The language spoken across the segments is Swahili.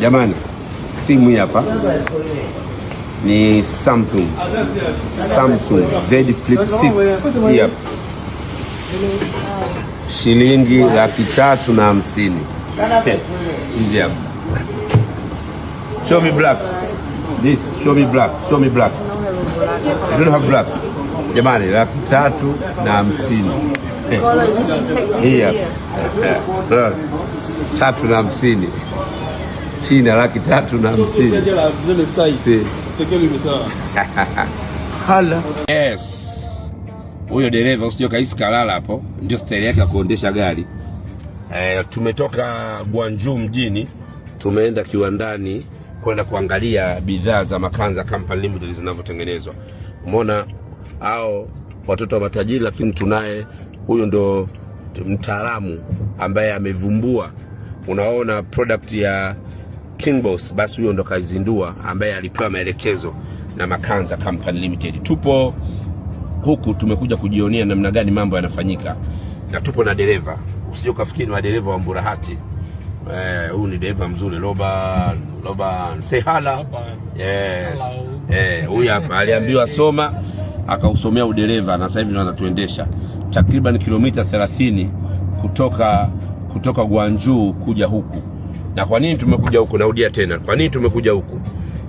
Jamani, simu hii hapa ni Samsung Samsung Z Flip 6 hii hapa, shilingi laki tatu na hamsini hizi hapa. Show me black. This, show me black. Show me black. You don't have black. Jamani, laki tatu na hamsini hii hapa, tatu na hamsini chini ya laki tatu na hamsini. Yes, huyo dereva usije kaisi kalala hapo, ndio staili yake ya kuondesha gari. Eh, tumetoka Gwanju mjini tumeenda kiwandani kwenda kuangalia bidhaa za Makanza Company Limited zinavyotengenezwa. Umeona hao watoto wa matajiri, lakini tunaye huyu ndo mtaalamu ambaye amevumbua, unaona product ya King Boss, basi huyo ndo kaizindua, ambaye alipewa maelekezo na Makanza Company Limited. Tupo huku tumekuja kujionea namna gani mambo yanafanyika, na tupo na dereva. Usije ukafikiri madereva wa Mburahati eh, huyu ni dereva mzuri Loba Loba Sehala. Yes. Eh, huyu hapa aliambiwa soma akausomea udereva na sasa hivi anatuendesha takriban kilomita 30 kutoka kutoka Gwanju kuja huku. Na kwa nini tumekuja huku? Narudia tena, kwa nini tumekuja huku?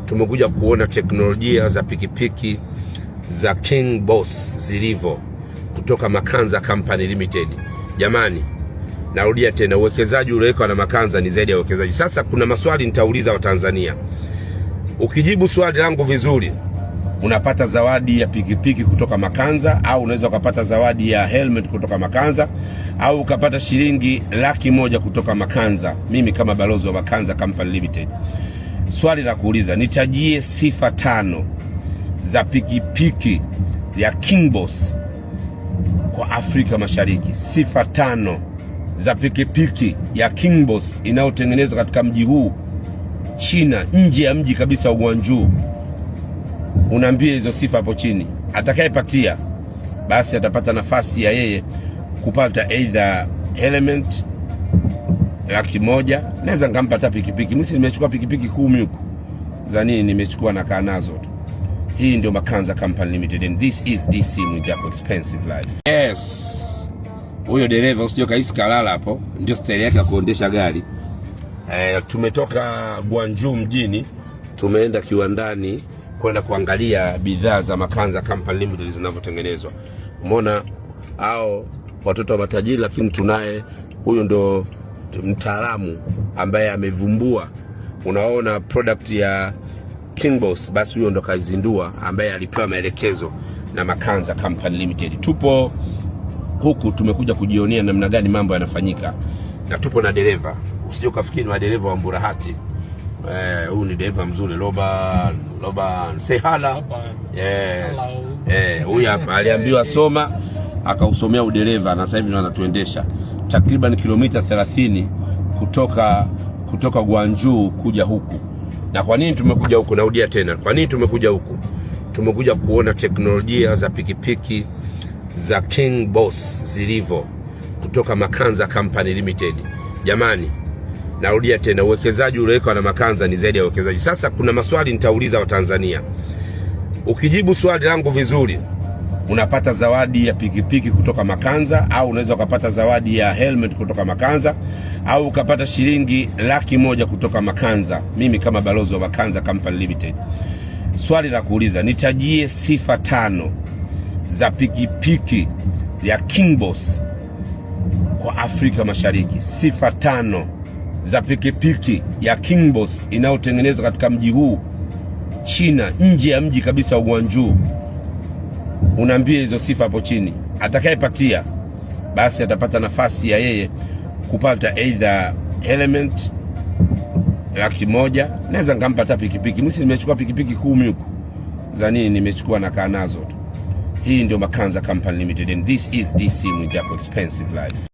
Tumekuja kuona teknolojia za pikipiki za King Boss zilivyo kutoka Makanza Company Limited. Jamani, narudia tena, uwekezaji uliowekwa na Makanza ni zaidi ya uwekezaji. Sasa kuna maswali nitauliza Watanzania, ukijibu swali langu vizuri unapata zawadi ya pikipiki kutoka Makanza au unaweza ukapata zawadi ya helmet kutoka Makanza au ukapata shilingi laki moja kutoka Makanza, mimi kama balozi wa Makanza Company Limited. Swali la kuuliza, nitajie sifa tano za pikipiki ya Kingboss kwa Afrika Mashariki. Sifa tano za pikipiki ya Kingboss inayotengenezwa katika mji huu China, nje ya mji kabisa wa Guangzhou unaambia hizo sifa hapo chini, atakayepatia basi atapata nafasi ya yeye kupata either element laki moja, naweza nikampa hata pikipiki. Mimi nimechukua pikipiki kumi huko za nini, nimechukua nakaa nazo tu. Hii ndio Makanza Company Limited and this is DC Mwijaku expensive life. Yes, huyo dereva usijua kaisi kalala hapo, ndio staili yake ya kuondesha gari. Eh, tumetoka Gwanju mjini tumeenda kiwandani kwenda kuangalia bidhaa za Makanza Company Limited zinavyotengenezwa. Umeona hao watoto wa matajiri, lakini tunaye huyu ndo mtaalamu ambaye amevumbua, unaona product ya Kingboss, basi huyo ndo kaizindua, ambaye alipewa maelekezo na Makanza Company Limited. Tupo huku tumekuja kujionea namna gani mambo yanafanyika, na tupo na dereva. Usije ukafikiri madereva wa mburahati Eh, huyu ni dereva mzuri Roba Roba Sehala yes. Eh, huyu eh, hapa aliambiwa soma akausomea udereva na sasa hivi ndo anatuendesha takriban kilomita 30 kutoka kutoka Gwanju kuja huku. Na kwa nini tumekuja huku? Narudia tena, kwa nini tumekuja huku? Tumekuja kuona teknolojia za pikipiki za King Boss zilivyo kutoka Makanza Company Limited. Jamani, Narudia tena, uwekezaji uliowekwa na Makanza ni zaidi ya uwekezaji. Sasa kuna maswali nitauliza Watanzania, ukijibu swali langu vizuri unapata zawadi ya pikipiki kutoka Makanza au unaweza ukapata zawadi ya helmet kutoka Makanza au ukapata shilingi laki moja kutoka Makanza, mimi kama balozi wa Makanza Company Limited. Swali la kuuliza, nitajie sifa tano za pikipiki ya Kingboss kwa Afrika Mashariki. Sifa tano za pikipiki ya Kingboss inayotengenezwa katika mji huu China, nje ya mji kabisa wa Guangzhou. Unaambia hizo sifa hapo chini, atakayepatia basi atapata nafasi ya yeye kupata either helmet laki moja, naweza nikampa hata pikipiki. Mimi nimechukua pikipiki kumi huko za nini, nimechukua na kaa nazo tu. Hii ndio Makanza Company Limited and this is DC Mwijaku Expensive Life.